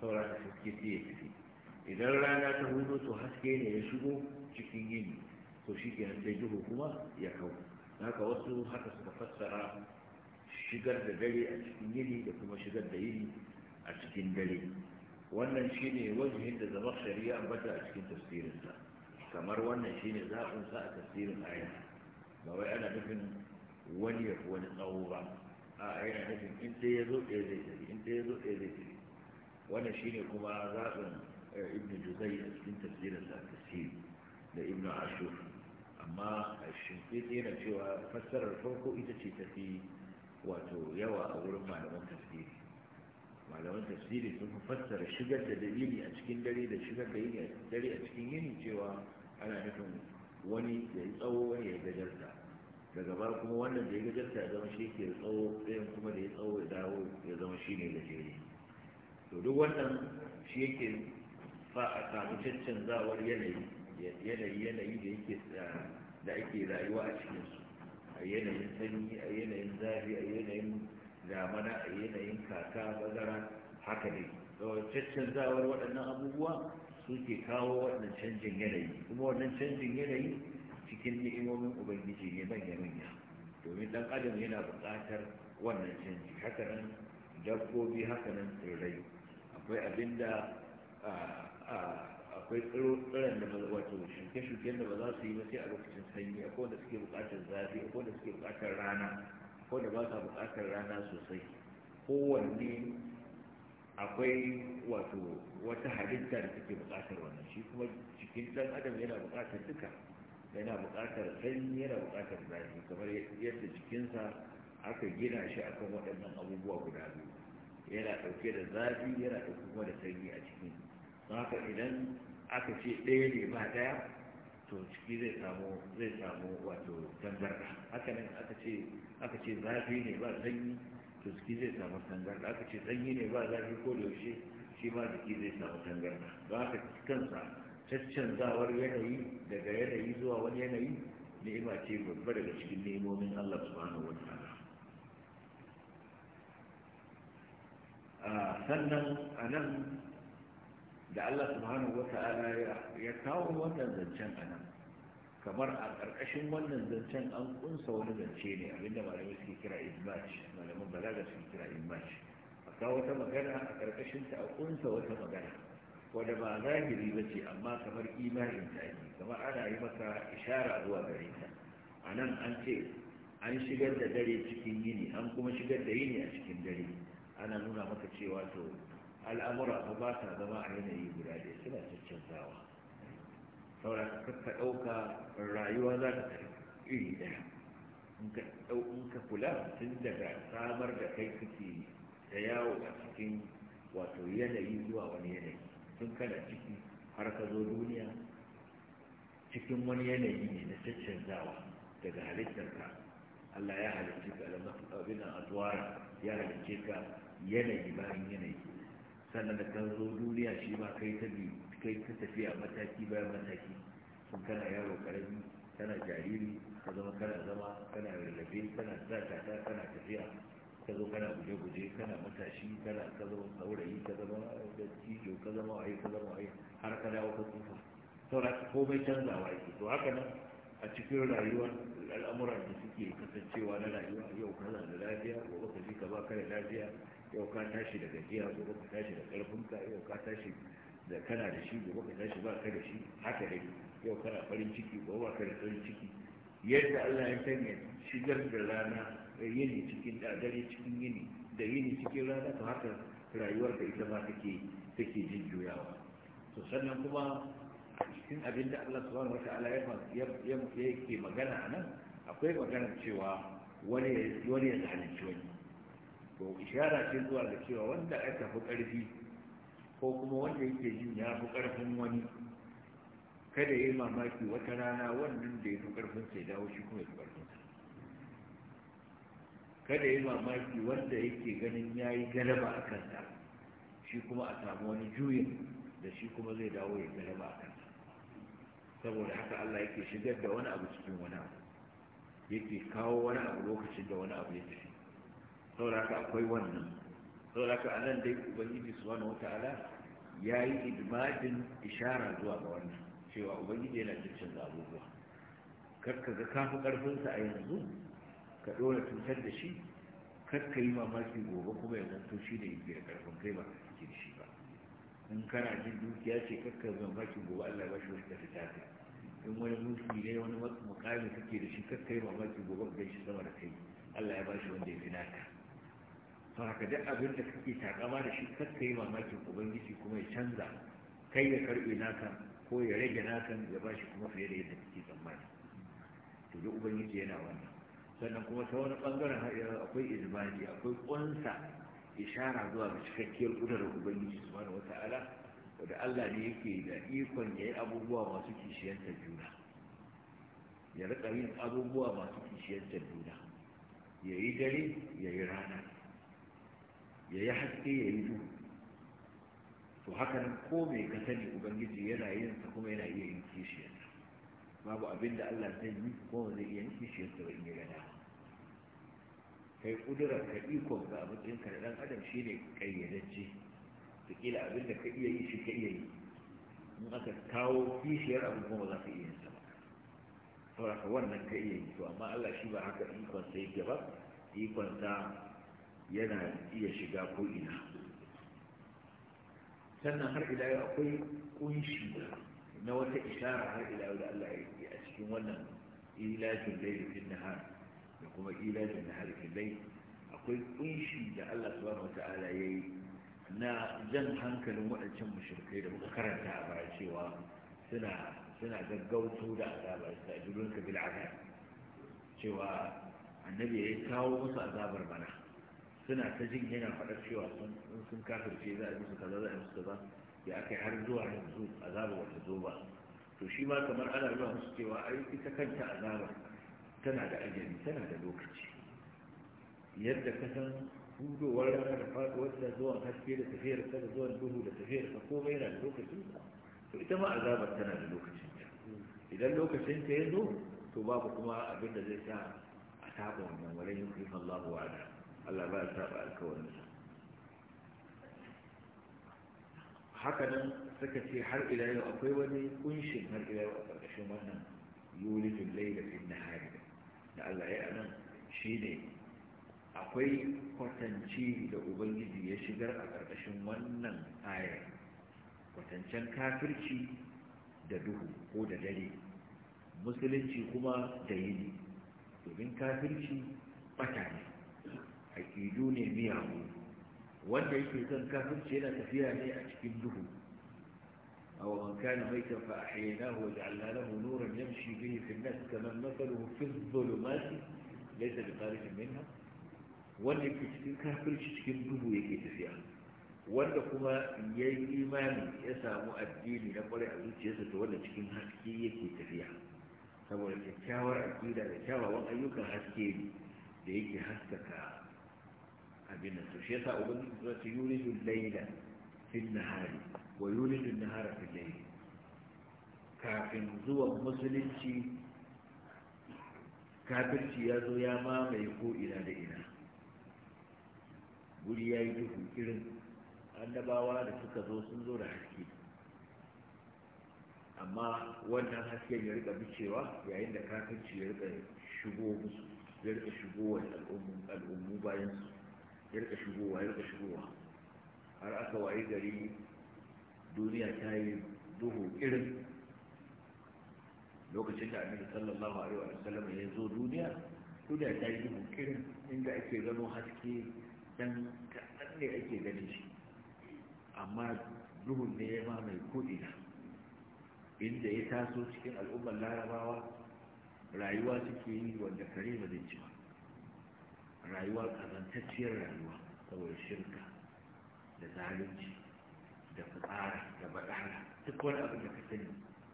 Saura ka haske sai ya tafi idan rana ta hudo to haske ne ya shigo cikin yini to shi ke sai duhu kuma ya kawo haka wasu haka suka fassara shigar da dare a cikin yini da kuma shigar da yini a cikin dare wannan shi ne wajihin da zama shari'a bata a cikin tafsirinsa kamar wannan shi ne zaɓinsa a tafsirin ayat ba wai ana nufin wani ya fi wani tsawo ba a yana nufin in ɗaya ya zo ɗaya zai tafi in ɗaya ya zo ɗaya zai tafi wannan shine kuma zaɓin eh, ibn juzai a cikin tafsirinsa a tasiri da ibn ashur amma a shimfiɗi yana cewa fassarar farko ita ce tafi wato yawa a wurin malaman tafsiri malaman tafsiri sun fassara shigar da dalili a cikin dare da shigar da yini dare a cikin yini cewa ana nufin wani ya yi tsawo wani ya gajarta daga baya kuma wannan da ya gajarta ya zama shi ke tsawo ɗayan kuma da ya tsawo ya dawo ya zama shi ne gajere to duk wannan shi yake fa a samu caccanzawar yanayi yanayi yanayi da yake da ake rayuwa a cikinsu a yanayin sanyi a yanayin zafi a yanayin damana a yanayin kaka bazara haka ne zawar waɗannan abubuwa suke kawo wannan canjin yanayi kuma wannan canjin yanayi cikin ni'imomin ubangiji ne manya manya domin dan adam yana buƙatar wannan canji haka nan dabbobi haka nan tsirrai akwai abinda akwai tsirran da wato shuke shirke da ba za su yi ba sai a lokacin sanyi akwai da suke buƙatar zafi akwai da suke buƙatar rana akwai da ba sa buƙatar rana sosai kowanne akwai wato wata halitta da take bukatar wannan shi kuma cikin ɗan adam yana bukatar duka yana bukatar sanyi yana bukatar zafi kamar yadda jikinsa aka gina shi akan waɗannan abubuwa guda biyu yana ɗauke da zafi yana ɗauke kuma da sanyi a cikin haka idan aka ce ɗaya ne ba ɗaya to ciki zai samu zai samu wato tangarɗa haka nan aka ce zafi ne ba sanyi to jiki zai samu da aka ce ɗanyi ne ba zafi ko da yaushe shi ma jiki zai samu tangar ba aka kansa caccanzawar yanayi daga yanayi zuwa wani yanayi ni'ima ce babba daga cikin nemomin Allah subhanahu wa ta'ala sannan a nan da Allah subhanahu wa ta'ala ya kawo wannan zancen a nan kamar a ƙarƙashin wannan zancen an kunsa wani zance ne abinda malamai suke kira imaj malamin balaga suke kira imaj a kawo wata magana a ƙarƙashin ta a kunsa wata magana wadda ba zahiri ba ce amma kamar imanin ta kamar ana yi maka ishara zuwa gare ta a nan an ce an shigar da dare cikin yini an kuma shigar da yini a cikin dare ana nuna maka cewa to al'amura ba ba sa zama a yanayi guda ɗaya suna caccanzawa saura ka ɗauka rayuwa za ta tafi iri ɗaya in ka kula tun daga samar da kai kake da yawo a cikin wato yanayi zuwa wani yanayi tun kana ciki har ka zo duniya cikin wani yanayi ne na caccanzawa daga ka Allah ya halicci ka da mafi azwara ya halicce ka yanayi bayan yanayi sannan da kan zo duniya shi ma kai ta biyu kai ta tafiya mataki bayan mataki sun kana yaro karami kana jariri ka zama kana zama kana rarrafe kana sa tata kana tafiya ka zo kana guje-guje kana matashi kana ka zama saurayi ka zama da cijo ka zama waye ka zama waye har ka dawo ka tsufa saura komai canzawa yake to haka nan a cikin rayuwar al'amuran da suke kasancewa na rayuwa yau kana da lafiya gobe ka ji ka ba ka da lafiya yau ka tashi da gajiya gobe ka tashi da karfinka yau ka tashi da kana da shi gobe ka tashi ba ka da shi haka dai yau kana farin ciki gobe ba ka da farin ciki yadda Allah ya sanya shigar da rana yini cikin da dare cikin yini da yini cikin rana to haka rayuwar da ita ma take take juyawa. to sannan kuma cikin abin da Allah subhanahu wataala ya ya yake magana anan akwai magana cewa wani wani ya zalunci wani to ishara ce zuwa da cewa wanda aka fi karfi ko kuma wanda yake jin ya fi ƙarfin wani kada ya yi mamaki wata rana wannan da ya fi ƙarfin sai dawo shi kuma ya fi ƙarfin kada ya yi mamaki wanda yake ganin ya yi galaba a kansa shi kuma a samu wani juyin da shi kuma zai dawo ya galaba a kansa saboda haka Allah yake shigar da wani abu cikin wani abu yake kawo wani abu lokacin da wani abu ya tafi saboda haka akwai wannan saboda haka anan dai ubangiji subhanahu wata'ala ya yi idmadin ishara zuwa ga wannan cewa ubangiji yana cikin abubuwa karka ga kafin karfinsa a yanzu ka ɗora cutar da shi karka yi mamaki gobe kuma ya zanto shi da yake karfin kai ba cikin shi ba in kana jin dukiya ce karka yi mamaki gobe allah ba shi wani tafi tafi in wani mulki ne wani mukami kake da shi karka yi mamaki gobe ka gan shi sama da kai allah ya ba shi wanda ya fi naka to haka duk abin da kake takama da shi kakka yi mamakin ubangiji kuma ya canza kai ya karbe naka ko ya rage naka ya ba shi kuma fiye da yadda kake tsammani to duk ubangiji yana wannan sannan kuma ta wani bangaren akwai izbani akwai kunsa ishara zuwa ga cikakkiyar kudurar ubangiji subhanahu wata'ala wadda Allah ne yake da ikon ya yi abubuwa masu kishiyarta juna ya rika yin abubuwa masu kishiyantar juna ya yi dare ya yi rana ya yi haske ya yi duhu to nan ko mai ka sani ubangiji yana yin sa kuma yana iya yin kishiyarsa babu abin da Allah zai yi ko zai iya yin kishiyarsa ba in ya gada kai kudurar ka iko ga abin ka da dan adam shine kayyadacce ta kila abin da ka iya yi shi ka iya yi in aka kawo kishiyar abin kuma za ka iya yin sa ba saboda wannan ka iya yi to amma Allah shi ba haka ikon sa yake ba ikon sa yana iya shiga ko ina sannan har ila yau akwai kunshi na wata ishara har yau da Allah ya a cikin wannan ilajin laifin fil da kuma ilajin nahar fil layl akwai kunshi da Allah subhanahu wataala yi. na jan hankalin waɗancan mushrikai da muka karanta a baya cewa suna suna gaggauto da azaba ta ajurunka bil cewa annabi ya kawo musu azabar mana suna ta jin yana faɗar cewa sun kafirce za a yi musu kaza za a yi musu kaza ya aka har zuwa yanzu azaba wata zo ba to shi ma kamar ana zuwa musu cewa ai ita kanta azaba tana da ajali tana da lokaci yadda ka san hudowar rana da faɗuwar ta zuwan haske da tafiyar ta da zuwan duhu da tafiyar ta komai yana da lokacin to ita ma azabar tana da lokacin idan lokacin ta ya zo to babu kuma abin da zai sa a taɓa wannan walai yukrifallahu wa'ada Allah ba ya saba alkawarinsa haka nan suka ce har ila yau akwai wani kunshin har ila yau a ƙarƙashin wannan yulijin laila fi nahari da Allah ya anan ne. akwai kwatanci da ubangiji ya shigar a ƙarƙashin wannan ayar kwatancen kafirci da duhu ko da dare musulunci kuma da yini domin kafirci bata ne aƙidu ne miyagu wanda yake kan kafirci yana tafiya ne a cikin duhu أو من كان ميتا فأحييناه وجعلنا له نورا يمشي به في الناس كمن مثله في الظلمات ليس بخارج منها wanda yake cikin kafirci cikin duhu yake tafiya wanda kuma ya yi imani ya samu addini na kwarai a zuciyarsa ta wanda cikin haske yake tafiya saboda kyakkyawar aƙida da kyawawan ayyukan haske ne da yake haskaka abin nan to shi yasa ubangiji zuwa ta yuridu fin fil nahari wa na nahara fil laili kafin zuwa musulunci kafirci ya zo ya mamaye ko ina da ina guri ya yi duhu irin annabawa da suka zo sun zo da haske amma wannan hasken ya rika bicewa yayin da kafirci ya rika shigo musu ya rika shigo wa al'ummu bayan su Yarka shigowa yarka shigowa har aka waye gari duniya ta yi duhu irin lokacin da annabi sallallahu alaihi wa sallam ya zo duniya duniya ta yi duhu irin inda ake gano haske dan kaɗan ne ake ganin shi amma duhu ne ya ma mai ko'ina inda ya taso cikin al'ummar larabawa rayuwa suke yi wanda kare ba zai ci rayuwa kazantacciyar rayuwa saboda shirka da zalunci da fitsara da baɗala duk wani abin da ka sani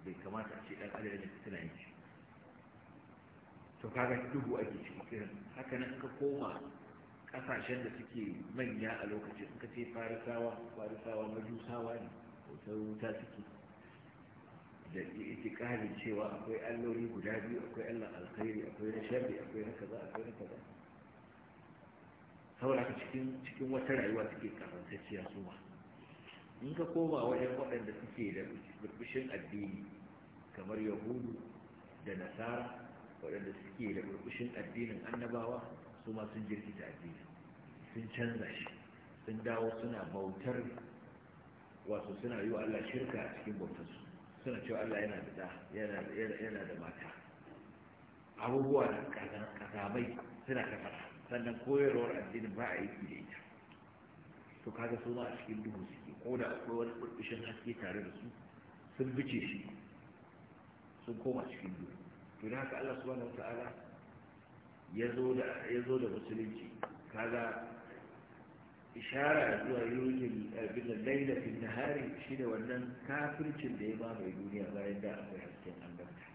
bai kamata a ce ɗan adam da tuna yin to kaga duhu ake cikin irin haka nan ka koma ƙasashen da suke manya a lokacin suka ce farisawa farisawa majusawa ne wutar wuta suke da itikadin cewa akwai alloli guda biyu akwai allah alkhairi akwai na sharri akwai na kaza akwai na kaza saboda cikin cikin wata rayuwa suke karantacciya su ma in ka koma wajen waɗanda suke da burbushin addini kamar yahudu da nasara waɗanda suke da burbushin addinin annabawa su ma sun jirkita addini sun canza shi sun dawo suna bautar wato suna yi wa Allah shirka a cikin bautarsu suna cewa Allah yana da yana da mata abubuwa da kazamai suna kafara sannan koyarwar addinin ba a yi da ita to kaga su ma a cikin duhu suke ko da akwai wani burbushin haske tare da su sun bice shi sun koma cikin duhu to da haka Allah subhanahu wata'ala ya zo da ya zo da musulunci kaga ishara zuwa yurin abin da laila fi nahari shine wannan kafircin da ya ba mai duniya bayan da akwai hasken annabta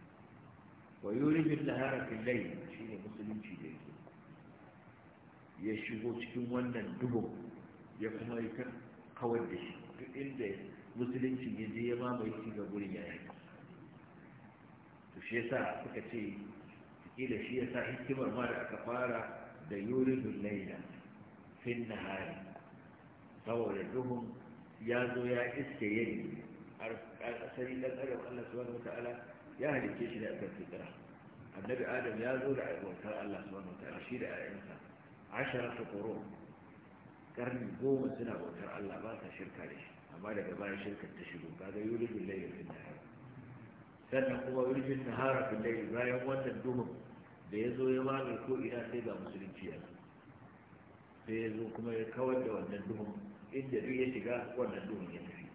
wa yurin nahara fi laila shine musulunci da yake ya shigo cikin wannan dubon ya kuma yi kawar da shi duk inda musulunci ya je ya mamaye shi ga gurin ya yi to shi yasa suka ce kila shi yasa hikimar ma da aka fara da yuridul laila fin nahari saboda duhun ya zo ya iske yini har asali dan adam Allah subhanahu wataala ya halicce shi da akan fitra annabi adam ya zo da aiwatar Allah subhanahu wataala shi da ayyansa ashara ta koro karni goma suna bautar Allah ba sa shirka da shi amma daga bayan shirkar ta shigo kaga yulijin layin fin sannan kuma yulijin nahara fin layin bayan wannan duhun da ya zo ya mamaye ko ina sai ga musulunci ya sai ya zo kuma ya kawar da wannan duhun inda duk ya shiga wannan duhun ya tafi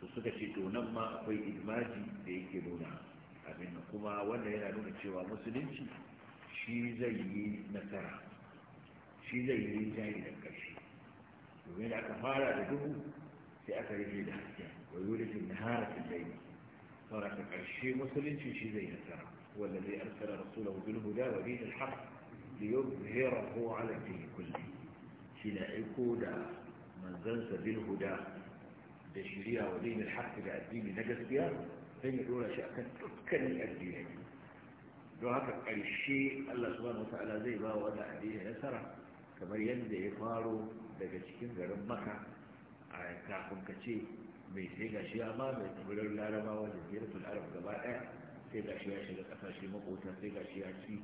su suka ce to nan ma akwai ijmaji da yake nuna abin kuma wannan yana nuna cewa musulunci shi zai yi nasara shi zai yi jayi da ƙarshe domin da aka fara da duhu sai aka rage da haske wai wuri fi nahara fi laili saura ta ƙarshe musulunci shi zai nasara wanda zai arsala rasulahu bil huda wa bil haqq li yuzhirahu ala din kulli shi na aiko da manzansa bil huda da shari'a wa din al da addini na gaskiya sai ya dora shi akan dukkanin addinai don haka ƙarshe Allah subhanahu wa ta'ala zai ba wa wannan addini nasara kamar yadda ya faro daga cikin garin maka a kafin ka ce mai sai ga shi amma mai tsibirin larabawa da ziyartul arab gaba ɗaya sai ga shi ya shiga kasashe makota sai ga shi ya ci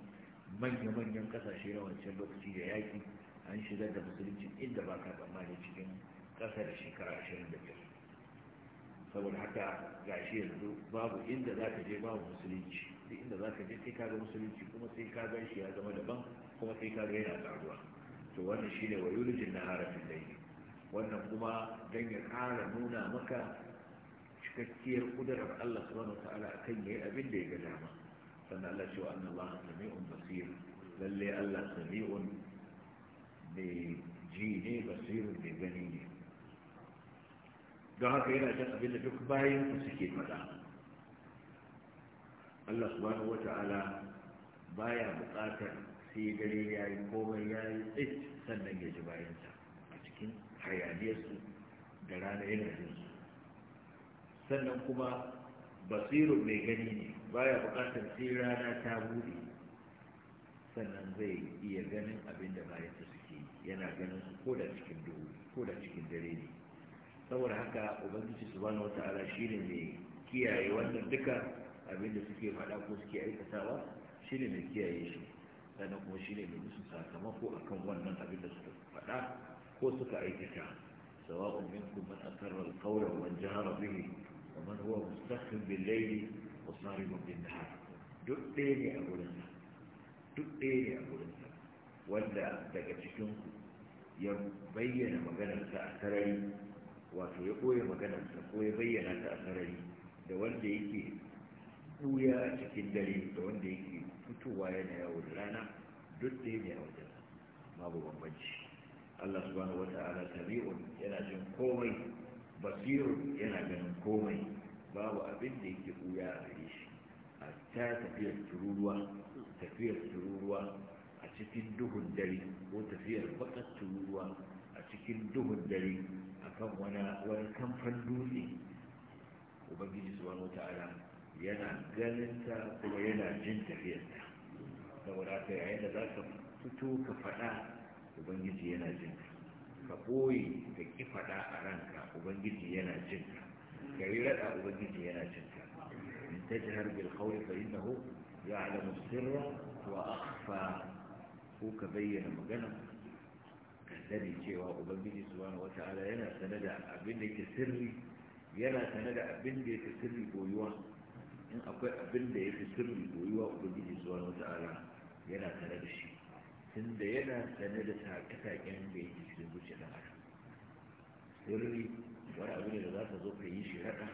manya-manyan kasashe na wancan lokaci da yaƙi an shiga da musulunci inda ba ka tsammani cikin ƙasa da shekara ashirin da biyar saboda haka ga shi yanzu babu inda za ka je babu musulunci duk inda za ka je sai ka ga musulunci kuma sai ka gan shi ya zama daban kuma sai ka ga yana ƙaruwa to wannan ne wa yulijin na harafin layli wannan kuma don ya kara nuna maka cikakkiyar kudurar Allah subhanahu wataala akan yayi abin da ya ga dama sannan Allah cewa anna Allah sami'un basir lalle Allah sami'un mai ji ne basirun mai gani ne don haka yana jin abin da duk bayan ku suke faɗa Allah subhanahu wataala baya buƙatar sai gare ya yi komai ya yi tsit sannan ya ji bayansa a cikin hayaniyarsu da rana yana jin su sannan kuma basiru mai gani ne baya bukatar sai rana ta buɗe sannan zai iya ganin abin da bayansa suke yana ganin su ko da cikin duhu ko da cikin dare ne saboda haka ubangiji subhanahu wata'ala shine mai kiyaye wannan duka abin da suke faɗa ko suke aikatawa shine mai kiyaye shi sannan kuma shi ne mai musu sakamako a kan wannan abin da suka faɗa ko suka aikata sawa'un minkum man asarra al-qawla wa man jahara bihi wa man huwa mustakhfin bil-layli wa sarimun bin-nahar duk ɗaya ne a gurin sa duk ɗaya ne a gurin sa wanda daga cikin ku ya bayyana maganarsa a sarari wato ya ɓoye maganarsa ko ya bayyana ta a sarari da wanda yake ɓuya a cikin dare da wanda yake fitowa yana yawo rana duk da yana yawo da rana babu bambanci Allah subhanahu wata'ala sami'un yana jin komai basirun yana ganin komai babu abin da yake buya a gare shi a ta tafiyar tururuwa tafiyar tururuwa a cikin duhun dare ko tafiyar bakar tururuwa a cikin duhun dare akan wani kamfan dutse ubangiji subhanahu wata'ala yana ganin ta kuma yana jin tafiyarta saboda ta yayin da za ka fito ka faɗa ubangiji yana jin ka ɓoye ka ƙi faɗa a ranka ubangiji yana jin ka ka yi raɗa ubangiji yana jin ka in ta ji jihar bilkawai fa innahu ya alamu sirra wa akhfa ko ka bayyana magana ka sani cewa ubangiji subhanahu wata'ala yana sanada abin da ke sirri yana sanada da abin da yake sirri koyuwa in akwai abin da ya fi sirri ko ubangiji zuwa wata ala yana tare da shi tun da yana sane da take da yake cikin zuciya da haka sirri wani abu da za ka zo ka yi shi ka ta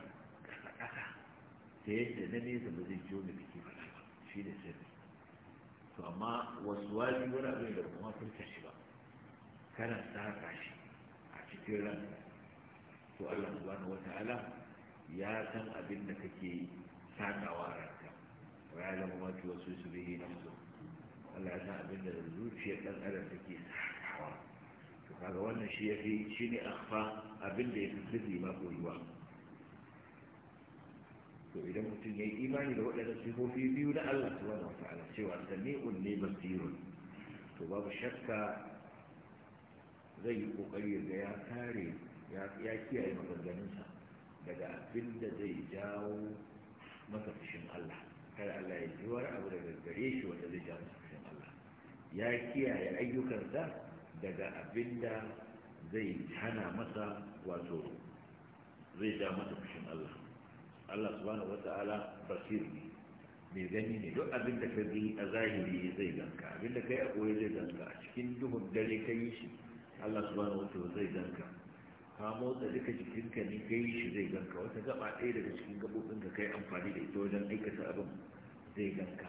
yadda na nesa ba zai jiyo da kake faɗa shi ne sirri to amma wasu wani wani abu da kuma furta shi ba kana saka shi a cikin ranka to Allah subhanahu ala ya san abin da kake yi takawa a ranka wa ya zama mafi wasu su bihi na su Allah ya san abin da zuciyar ɗan adam take takawa to kaga wannan shi ya fi shi ne akfa abin da ya fi sirri ma koyuwa to idan mutum ya yi imani da waɗannan sifofi biyu na Allah subhanahu wa ta'ala cewa sami'un ne basirun to babu shakka zai yi kokari da ya kare ya kiyaye maganganunsa daga abin da zai jawo masa fushin Allah kada Allah ya ji wani abu daga gare shi wanda zai ja masa fushin Allah ya kiyaye ayyukansa daga abin da zai hana masa wato zai ja masa fushin Allah Allah subhanahu ta'ala basir ne mai gani ne duk abin da ka bi a zahiri zai ganka abin da kai a koyi zai ganka a cikin duhun dare ka yi shi Allah subhanahu ta'ala zai ganka ka motsa duka jikinka ne gai shi zai ganka wata gaba ɗaya daga cikin gabobin ka kai amfani da ita wajen aikata abin zai ganka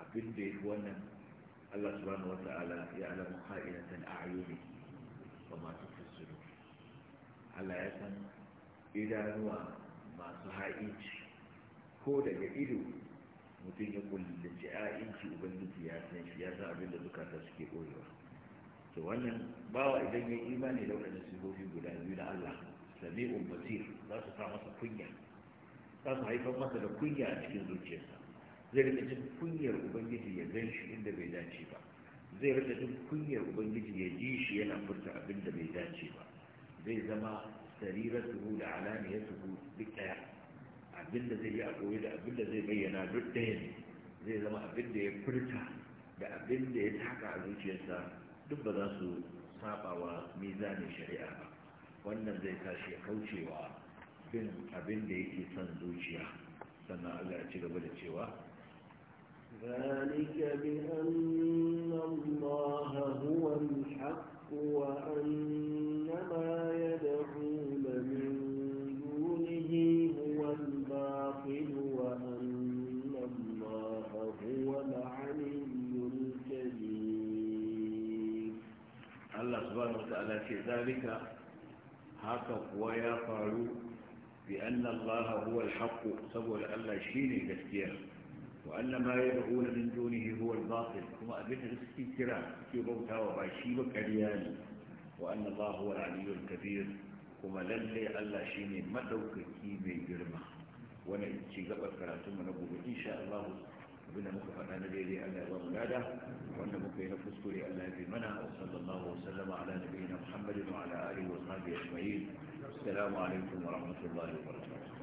abin da ya wannan Allah subhanahu ta'ala ya alamu ha'inatan a'yuni wa masu fasiru Allah ya san idanuwa masu ha'inci ko daga ido mutum ya kullace ha'inci ubangiji ya san shi ya san abin da zukata suke ɓoyewa to wannan bawa idan ya imani da waɗannan sifofi guda biyu na Allah sami'un basir za su sa masa kunya za su haifar masa da kunya a cikin zuciyarsa zai rika jin kunyar ubangiji ya gan shi inda bai dace ba zai rika jin kunyar ubangiji ya ji shi yana furta abin da bai dace ba zai zama sariratuhu da alaniyatuhu duk daya abin da zai yi a koyi da abin da zai bayyana duk daya ne zai zama abin da ya furta da abin da ya taka a zuciyarsa duk ba za su saba wa mizanin shari'a ba wannan zai tashi kaucewa bin abin da yake son zuciya sannan allah ci gaba da cewa ذلك بأن الله هو الحق وأن ما يدعون ta'ala ce zalika haka kuwa ya faru bi anna Allah huwa al saboda Allah shine gaskiya wa anna ma yad'una min dunihi huwa al kuma abinda da suke kira suke bautawa ba shi ba ƙarya ne wa anna Allah huwa kabir kuma lallai Allah shine madaukaki mai girma wannan ci gaba karatun mu na gobe insha Allah abin muka faɗa na daidai Allah ya ba mu lada wanda muka yi na fuskure Allah ya fi mana wa sallallahu wa sallama ala nabiyina Muhammadin wa ala alihi wa sahbihi ajma'in assalamu alaikum wa rahmatullahi wa barakatuh